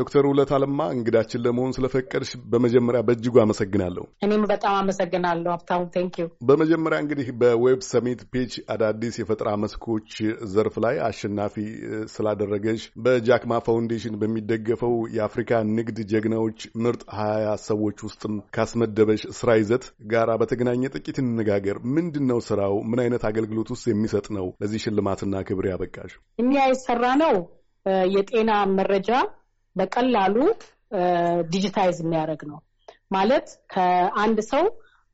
ዶክተር ውለት አለማ እንግዳችን ለመሆን ስለፈቀድሽ በመጀመሪያ በእጅጉ አመሰግናለሁ። እኔም በጣም አመሰግናለሁ ሀብታሙ ዩ። በመጀመሪያ እንግዲህ በዌብ ሰሚት ፔጅ አዳዲስ የፈጠራ መስኮች ዘርፍ ላይ አሸናፊ ስላደረገሽ በጃክማ ፋውንዴሽን በሚደገፈው የአፍሪካ ንግድ ጀግናዎች ምርጥ ሀያ ሰዎች ውስጥም ካስመደበሽ ስራ ይዘት ጋራ በተገናኘ ጥቂት እንነጋገር። ምንድን ነው ስራው? ምን አይነት አገልግሎት ውስጥ የሚሰጥ ነው? ለዚህ ሽልማትና ክብር ያበቃሽ? እኛ የሰራ ነው የጤና መረጃ በቀላሉ ዲጂታይዝ የሚያደርግ ነው ማለት ከአንድ ሰው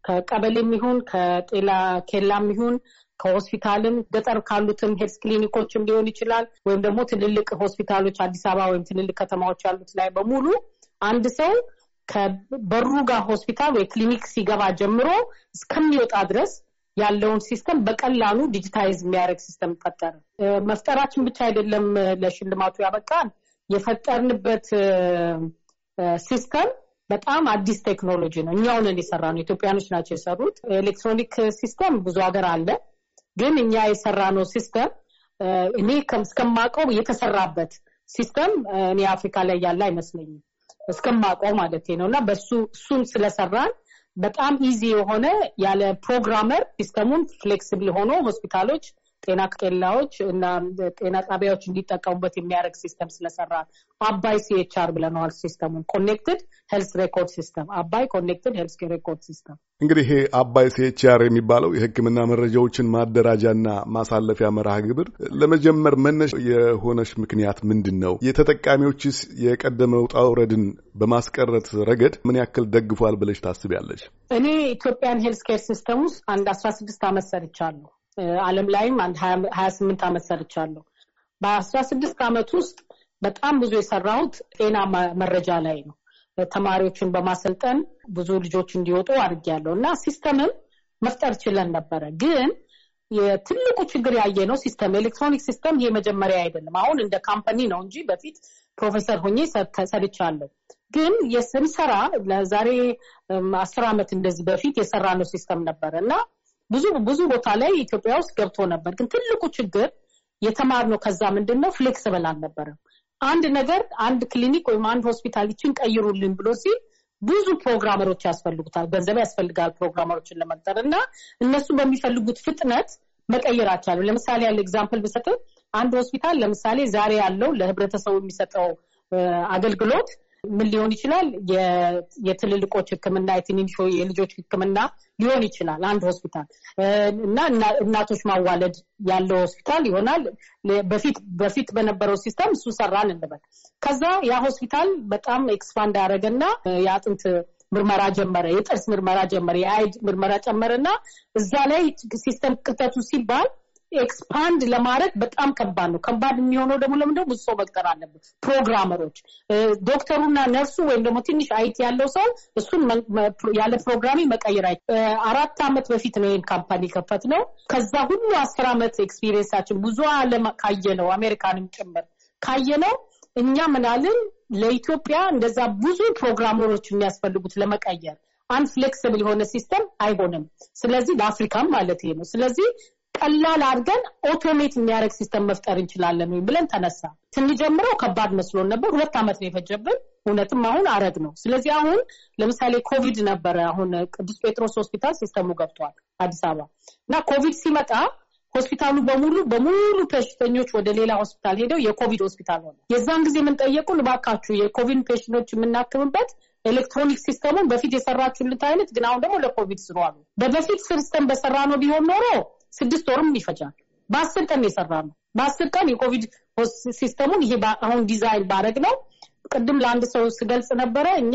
ከቀበሌ የሚሆን ከጤና ኬላም ይሁን ከሆስፒታልም ገጠር ካሉትም ሄልስ ክሊኒኮችም ሊሆን ይችላል። ወይም ደግሞ ትልልቅ ሆስፒታሎች አዲስ አበባ ወይም ትልልቅ ከተማዎች ያሉት ላይ በሙሉ አንድ ሰው ከበሩ ጋር ሆስፒታል ወይ ክሊኒክ ሲገባ ጀምሮ እስከሚወጣ ድረስ ያለውን ሲስተም በቀላሉ ዲጂታይዝ የሚያደርግ ሲስተም ፈጠር መፍጠራችን ብቻ አይደለም ለሽልማቱ ያበቃል። የፈጠርንበት ሲስተም በጣም አዲስ ቴክኖሎጂ ነው። እኛውንን የሰራ ነው። ኢትዮጵያኖች ናቸው የሰሩት። ኤሌክትሮኒክ ሲስተም ብዙ ሀገር አለ፣ ግን እኛ የሰራ ነው ሲስተም እኔ እስከማውቀው የተሰራበት ሲስተም እኔ አፍሪካ ላይ ያለ አይመስለኝም እስከማውቀው ማለት ነው። እና በሱ እሱን ስለሰራን በጣም ኢዚ የሆነ ያለ ፕሮግራመር ሲስተሙን ፍሌክስብል ሆኖ ሆስፒታሎች ጤና ኬላዎች እና ጤና ጣቢያዎች እንዲጠቀሙበት የሚያደርግ ሲስተም ስለሰራ አባይ ሲኤችአር ብለነዋል። ሲስተሙን ኮኔክትድ ሄልስ ሬኮርድ ሲስተም አባይ ኮኔክትድ ሄልስ ሬኮርድ ሲስተም። እንግዲህ ይሄ አባይ ሲኤችአር የሚባለው የሕክምና መረጃዎችን ማደራጃና ማሳለፊያ መርሃ ግብር ለመጀመር መነሻ የሆነች ምክንያት ምንድን ነው? የተጠቃሚዎችስ የቀደመ ውጣ ውረድን በማስቀረት ረገድ ምን ያክል ደግፏል ብለሽ ታስቢያለሽ? እኔ ኢትዮጵያን ሄልስ ኬር ሲስተም ውስጥ አንድ አስራ ስድስት አመት ሰርቻለሁ። ዓለም ላይም አንድ ሀያ ስምንት ዓመት ሰርቻለሁ። በአስራ ስድስት ዓመት ውስጥ በጣም ብዙ የሰራሁት ጤና መረጃ ላይ ነው። ተማሪዎችን በማሰልጠን ብዙ ልጆች እንዲወጡ አድርጌያለሁ እና ሲስተምም መፍጠር ችለን ነበረ። ግን የትልቁ ችግር ያየ ነው ሲስተም ኤሌክትሮኒክ ሲስተም ይሄ መጀመሪያ አይደለም። አሁን እንደ ካምፓኒ ነው እንጂ በፊት ፕሮፌሰር ሆኜ ሰርቻለሁ። ግን የስንሰራ ለዛሬ አስር ዓመት እንደዚህ በፊት የሰራ ነው ሲስተም ነበረ እና ብዙ ብዙ ቦታ ላይ ኢትዮጵያ ውስጥ ገብቶ ነበር። ግን ትልቁ ችግር የተማርነው ከዛ ምንድን ነው ፍሌክስብል አልነበረም። አንድ ነገር አንድ ክሊኒክ ወይም አንድ ሆስፒታል ይችን ቀይሩልን ብሎ ሲል ብዙ ፕሮግራመሮች ያስፈልጉታል፣ ገንዘብ ያስፈልጋል ፕሮግራመሮችን ለመቅጠር እና እነሱ በሚፈልጉት ፍጥነት መቀየር አልቻለም። ለምሳሌ ያለ ኤግዛምፕል ብሰጥ አንድ ሆስፒታል ለምሳሌ ዛሬ ያለው ለህብረተሰቡ የሚሰጠው አገልግሎት ምን ሊሆን ይችላል? የትልልቆች ሕክምና የትንንሾ የልጆች ሕክምና ሊሆን ይችላል አንድ ሆስፒታል እና እናቶች ማዋለድ ያለው ሆስፒታል ይሆናል። በፊት በፊት በነበረው ሲስተም እሱ ሰራን እንበል። ከዛ ያ ሆስፒታል በጣም ኤክስፓንድ ያደረገና የአጥንት ምርመራ ጀመረ፣ የጥርስ ምርመራ ጀመረ፣ የአይድ ምርመራ ጨመረ እና እዛ ላይ ሲስተም ቅጠቱ ሲባል ኤክስፓንድ ለማድረግ በጣም ከባድ ነው። ከባድ የሚሆነው ደግሞ ለምንደ ብዙ ሰው መቅጠር አለበት። ፕሮግራመሮች፣ ዶክተሩና ነርሱ ወይም ደግሞ ትንሽ አይቲ ያለው ሰው እሱን ያለ ፕሮግራሚ መቀየር አይ አራት አመት በፊት ነው ይህን ካምፓኒ ከፈት ነው። ከዛ ሁሉ አስር ዓመት ኤክስፒሪየንሳችን ብዙ አለም ካየ ነው አሜሪካንም ጭምር ካየ ነው። እኛ ምናልን ለኢትዮጵያ እንደዛ ብዙ ፕሮግራመሮች የሚያስፈልጉት ለመቀየር አንድ ፍሌክስብል የሆነ ሲስተም አይሆንም። ስለዚህ ለአፍሪካም ማለት ነው። ስለዚህ ቀላል አድርገን ኦቶሜት የሚያደርግ ሲስተም መፍጠር እንችላለን ወይ ብለን ተነሳ። ስንጀምረው ከባድ መስሎን ነበር። ሁለት ዓመት ነው የፈጀብን። እውነትም አሁን አረግ ነው። ስለዚህ አሁን ለምሳሌ ኮቪድ ነበረ። አሁን ቅዱስ ጴጥሮስ ሆስፒታል ሲስተሙ ገብቷል አዲስ አበባ እና ኮቪድ ሲመጣ ሆስፒታሉ በሙሉ በሙሉ በሽተኞች ወደ ሌላ ሆስፒታል ሄደው የኮቪድ ሆስፒታል ሆነ። የዛን ጊዜ የምንጠየቁ ልባካችሁ የኮቪድ ፔሽኖች የምናክምበት ኤሌክትሮኒክ ሲስተሙን በፊት የሰራችሁልት አይነት ግን አሁን ደግሞ ለኮቪድ ስሩ አሉ። በበፊት ሲስተም በሰራ ነው ቢሆን ኖሮ ስድስት ወርም ይፈጃል። በአስር ቀን የሰራ ነው። በአስር ቀን የኮቪድ ሲስተሙን ይሄ አሁን ዲዛይን ባረግ ነው። ቅድም ለአንድ ሰው ስገልጽ ነበረ። እኛ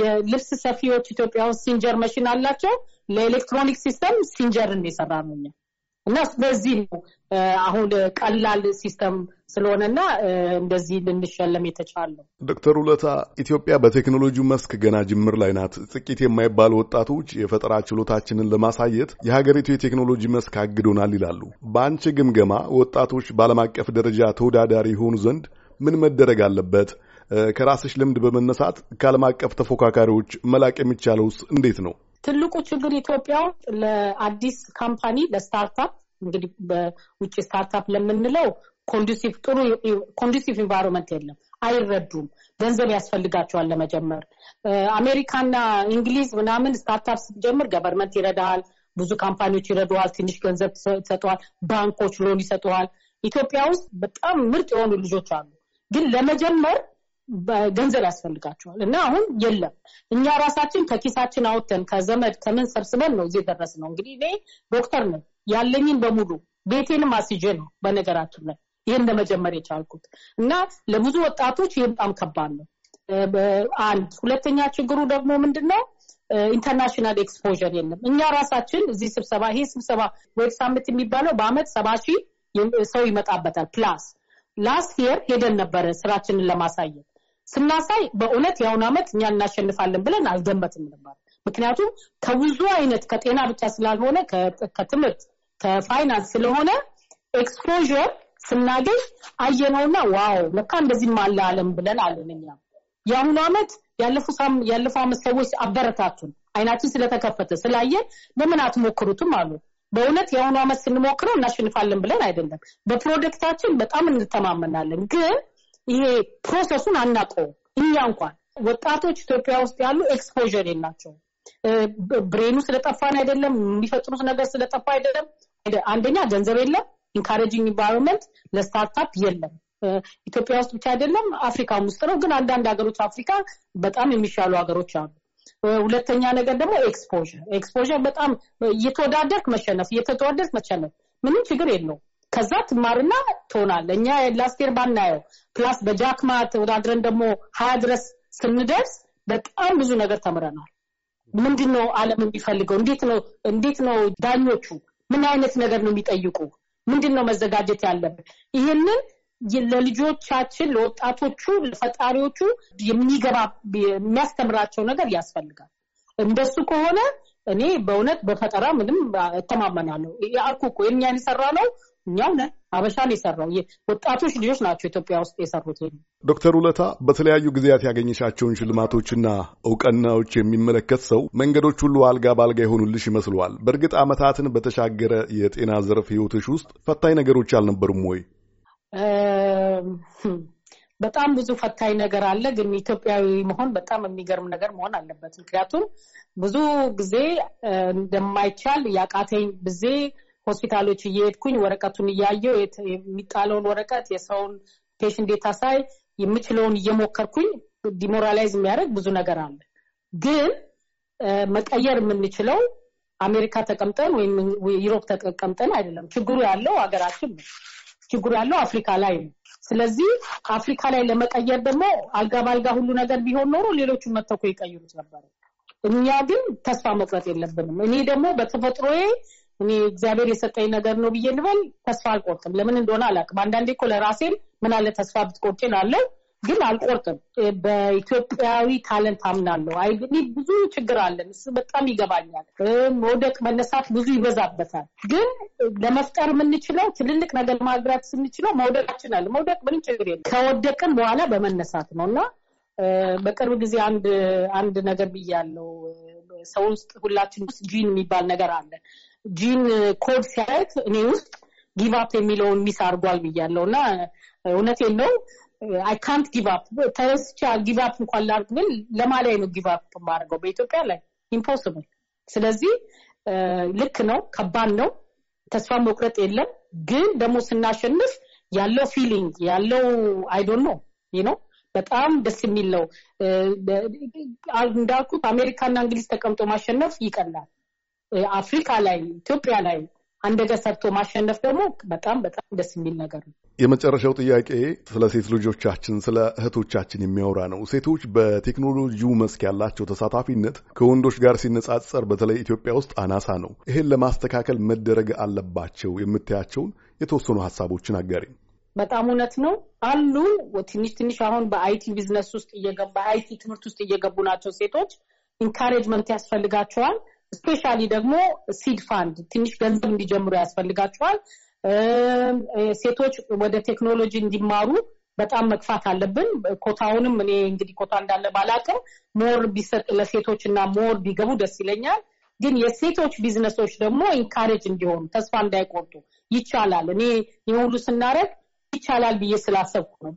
የልብስ ሰፊዎች ኢትዮጵያ ውስጥ ሲንጀር መሽን አላቸው። ለኤሌክትሮኒክ ሲስተም ሲንጀርን የሰራ ነው እኛ እና በዚህ ነው አሁን ቀላል ሲስተም ስለሆነና እንደዚህ ልንሸለም የተቻለው። ዶክተር ውለታ ኢትዮጵያ በቴክኖሎጂው መስክ ገና ጅምር ላይ ናት። ጥቂት የማይባሉ ወጣቶች የፈጠራ ችሎታችንን ለማሳየት የሀገሪቱ የቴክኖሎጂ መስክ አግዶናል ይላሉ። በአንቺ ግምገማ ወጣቶች በዓለም አቀፍ ደረጃ ተወዳዳሪ የሆኑ ዘንድ ምን መደረግ አለበት? ከራስሽ ልምድ በመነሳት ከዓለም አቀፍ ተፎካካሪዎች መላቅ የሚቻለውስ እንዴት ነው? ትልቁ ችግር ኢትዮጵያ ለአዲስ ካምፓኒ ለስታርታፕ እንግዲህ በውጭ ስታርታፕ ለምንለው ኮንዱሲቭ ጥሩ ኮንዱሲቭ ኢንቫይሮንመንት የለም። አይረዱም። ገንዘብ ያስፈልጋቸዋል ለመጀመር። አሜሪካና እንግሊዝ ምናምን ስታርታፕ ስትጀምር ገቨርንመንት ይረዳሃል፣ ብዙ ካምፓኒዎች ይረዱሃል፣ ትንሽ ገንዘብ ይሰጠዋል፣ ባንኮች ሎን ይሰጠዋል። ኢትዮጵያ ውስጥ በጣም ምርጥ የሆኑ ልጆች አሉ፣ ግን ለመጀመር ገንዘብ ያስፈልጋቸዋል እና አሁን የለም። እኛ ራሳችን ከኪሳችን አውጥተን ከዘመድ ከምን ሰብስበን ነው እዚህ ደረስ ነው። እንግዲህ እኔ ዶክተር ነኝ ያለኝን በሙሉ ቤቴንም አስይዤ ነው በነገራችን ላይ ይህን ለመጀመር የቻልኩት እና ለብዙ ወጣቶች ይህ በጣም ከባድ ነው። አንድ ሁለተኛ ችግሩ ደግሞ ምንድን ነው? ኢንተርናሽናል ኤክስፖዠር የለም። እኛ ራሳችን እዚህ ስብሰባ ይሄ ስብሰባ ዌብ ሳምንት የሚባለው በአመት ሰባ ሺህ ሰው ይመጣበታል ፕላስ ላስት የር ሄደን ነበረ ስራችንን ለማሳየት ስናሳይ በእውነት የአሁኑ ዓመት እኛ እናሸንፋለን ብለን አልገመትም ነበር። ምክንያቱም ከብዙ አይነት ከጤና ብቻ ስላልሆነ ከትምህርት፣ ከፋይናንስ ስለሆነ ኤክስፖዥር ስናገኝ አየነውና ዋው ለካ እንደዚህ አለ አለም ብለን አለን። እኛ የአሁኑ ዓመት ያለፉ አመት ሰዎች አበረታቱን አይናችን ስለተከፈተ ስላየን ለምን አትሞክሩትም አሉ። በእውነት የአሁኑ ዓመት ስንሞክረው እናሸንፋለን ብለን አይደለም፣ በፕሮጀክታችን በጣም እንተማመናለን ግን ይሄ ፕሮሰሱን አናቀውም እኛ እንኳን ወጣቶች ኢትዮጵያ ውስጥ ያሉ ኤክስፖዥር የላቸው ብሬኑ ስለጠፋን አይደለም፣ የሚፈጥሩት ነገር ስለጠፋ አይደለም። አንደኛ ገንዘብ የለም፣ ኢንካሬጂንግ ኢንቫይሮንመንት ለስታርታፕ የለም። ኢትዮጵያ ውስጥ ብቻ አይደለም፣ አፍሪካም ውስጥ ነው። ግን አንዳንድ ሀገሮች አፍሪካ በጣም የሚሻሉ ሀገሮች አሉ። ሁለተኛ ነገር ደግሞ ኤክስፖር ኤክስፖር በጣም እየተወዳደርክ መሸነፍ እየተተወደርክ መሸነፍ ምንም ችግር የለውም። ከዛ ትማርና ትሆናል። እኛ ላስቴር ባናየው ፕላስ በጃክማ ተወዳድረን ደግሞ ሀያ ድረስ ስንደርስ በጣም ብዙ ነገር ተምረናል። ምንድን ነው ዓለም የሚፈልገው? እንዴት ነው እንዴት ነው ዳኞቹ ምን አይነት ነገር ነው የሚጠይቁ? ምንድን ነው መዘጋጀት ያለብን? ይህንን ለልጆቻችን፣ ለወጣቶቹ፣ ለፈጣሪዎቹ የሚገባ የሚያስተምራቸው ነገር ያስፈልጋል። እንደሱ ከሆነ እኔ በእውነት በፈጠራ ምንም እተማመናለሁ። ያልኩ እኮ የኛ የሰራ ነው እኛው ነን አበሻ ነው የሰራው። ወጣቶች ልጆች ናቸው ኢትዮጵያ ውስጥ የሰሩት። ዶክተር ውለታ በተለያዩ ጊዜያት ያገኘሻቸውን ሽልማቶችና እውቅናዎች የሚመለከት ሰው መንገዶች ሁሉ አልጋ በአልጋ የሆኑልሽ ይመስለዋል። በእርግጥ ዓመታትን በተሻገረ የጤና ዘርፍ ህይወትሽ ውስጥ ፈታኝ ነገሮች አልነበሩም ወይ? Hm፣ በጣም ብዙ ፈታኝ ነገር አለ። ግን ኢትዮጵያዊ መሆን በጣም የሚገርም ነገር መሆን አለበት። ምክንያቱም ብዙ ጊዜ እንደማይቻል ያቃተኝ ጊዜ ሆስፒታሎች እየሄድኩኝ ወረቀቱን እያየው የሚጣለውን ወረቀት የሰውን ፔሽን ዴታ ሳይ የምችለውን እየሞከርኩኝ ዲሞራላይዝ የሚያደርግ ብዙ ነገር አለ። ግን መቀየር የምንችለው አሜሪካ ተቀምጠን ወይም ዩሮፕ ተቀምጠን አይደለም። ችግሩ ያለው ሀገራችን ነው። ችግሩ ያለው አፍሪካ ላይ ነው። ስለዚህ አፍሪካ ላይ ለመቀየር ደግሞ አልጋ ባልጋ ሁሉ ነገር ቢሆን ኖሮ ሌሎቹ መተኮ ይቀይሩት ነበር። እኛ ግን ተስፋ መቁረጥ የለብንም። እኔ ደግሞ በተፈጥሮዬ እኔ እግዚአብሔር የሰጠኝ ነገር ነው ብዬ እንበል ተስፋ አልቆርጥም። ለምን እንደሆነ አላውቅም። አንዳንዴ እኮ ለራሴም ምን አለ ተስፋ ብትቆርጭን አለው ግን አልቆርጥም። በኢትዮጵያዊ ታለንት አምናለሁ። አይ ብዙ ችግር አለን፣ እሱ በጣም ይገባኛል። መውደቅ መነሳት ብዙ ይበዛበታል። ግን ለመፍጠር የምንችለው ትልልቅ ነገር ማግራት ስንችለው መውደቃችን አለ። መውደቅ ምንም ችግር የለም። ከወደቅን በኋላ በመነሳት ነው እና በቅርብ ጊዜ አንድ አንድ ነገር ብያለሁ። ሰው ውስጥ ሁላችን ውስጥ ጂን የሚባል ነገር አለ። ጂን ኮድ ሲያየት እኔ ውስጥ ጊቫፕ የሚለውን ሚስ አድርጓል ብያለው እና እውነቴን ነው አይ ካንት ጊቫፕ ተረስቼ ጊቫፕ እንኳን ላርግ ብል ለማላይ ነው ጊቫፕ ማድርገው በኢትዮጵያ ላይ ኢምፖስብል። ስለዚህ ልክ ነው፣ ከባድ ነው፣ ተስፋ መቁረጥ የለም። ግን ደግሞ ስናሸንፍ ያለው ፊሊንግ ያለው አይዶን ነው ነው በጣም ደስ የሚል ነው። እንዳልኩት አሜሪካና እንግሊዝ ተቀምጦ ማሸነፍ ይቀላል። አፍሪካ ላይ ኢትዮጵያ ላይ አንደገ ሰርቶ ማሸነፍ ደግሞ በጣም በጣም ደስ የሚል ነገር ነው። የመጨረሻው ጥያቄ ስለ ሴት ልጆቻችን፣ ስለ እህቶቻችን የሚያወራ ነው። ሴቶች በቴክኖሎጂው መስክ ያላቸው ተሳታፊነት ከወንዶች ጋር ሲነጻጸር በተለይ ኢትዮጵያ ውስጥ አናሳ ነው። ይህን ለማስተካከል መደረግ አለባቸው የምታያቸውን የተወሰኑ ሀሳቦችን አጋሪ። በጣም እውነት ነው አሉ። ትንሽ ትንሽ አሁን በአይቲ ቢዝነስ ውስጥ በአይቲ ትምህርት ውስጥ እየገቡ ናቸው። ሴቶች ኢንካሬጅመንት ያስፈልጋቸዋል። ስፔሻሊ ደግሞ ሲድ ፋንድ ትንሽ ገንዘብ እንዲጀምሩ ያስፈልጋቸዋል። ሴቶች ወደ ቴክኖሎጂ እንዲማሩ በጣም መግፋት አለብን። ኮታውንም እኔ እንግዲህ ኮታ እንዳለ ባላቅም ሞር ቢሰጥ ለሴቶች እና ሞር ቢገቡ ደስ ይለኛል። ግን የሴቶች ቢዝነሶች ደግሞ ኢንካሬጅ እንዲሆኑ ተስፋ እንዳይቆርጡ ይቻላል። እኔ የሁሉ ስናደርግ ይቻላል ብዬ ስላሰብኩ ነው።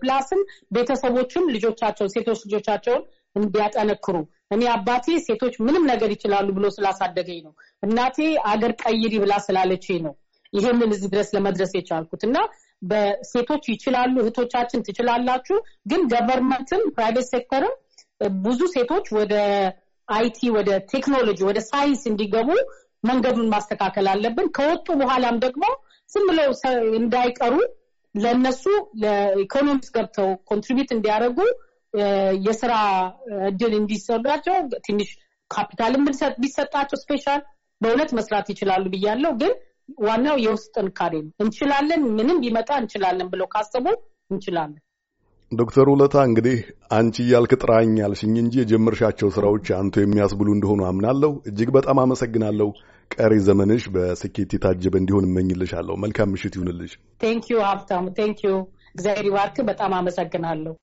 ፕላስም ቤተሰቦችም ልጆቻቸውን ሴቶች ልጆቻቸውን እንዲያጠነክሩ እኔ አባቴ ሴቶች ምንም ነገር ይችላሉ ብሎ ስላሳደገኝ ነው። እናቴ አገር ቀይሪ ብላ ስላለችኝ ነው ይሄንን እዚህ ድረስ ለመድረስ የቻልኩት እና በሴቶች ይችላሉ፣ እህቶቻችን ትችላላችሁ። ግን ገቨርንመንትም ፕራይቬት ሴክተርም ብዙ ሴቶች ወደ አይቲ፣ ወደ ቴክኖሎጂ፣ ወደ ሳይንስ እንዲገቡ መንገዱን ማስተካከል አለብን። ከወጡ በኋላም ደግሞ ዝም ብለው እንዳይቀሩ ለእነሱ ለኢኮኖሚስ ገብተው ኮንትሪቢዩት እንዲያደርጉ የስራ እድል እንዲሰጣቸው ትንሽ ካፒታልም ቢሰጣቸው ስፔሻል በእውነት መስራት ይችላሉ ብያለው። ግን ዋናው የውስጥ ጥንካሬ ነው። እንችላለን፣ ምንም ቢመጣ እንችላለን ብለው ካሰቡ እንችላለን። ዶክተር ውለታ እንግዲህ አንቺ እያልክ ጥራኝ አልሽኝ እንጂ የጀመርሻቸው ስራዎች አንቱ የሚያስብሉ እንደሆኑ አምናለሁ። እጅግ በጣም አመሰግናለሁ። ቀሪ ዘመንሽ በስኬት የታጀበ እንዲሆን እመኝልሻለሁ። መልካም ምሽት ይሁንልሽ። ቴንኪዩ ሀብታሙ፣ ቴንኪዩ። እግዚአብሔር ይባርክ። በጣም አመሰግናለሁ።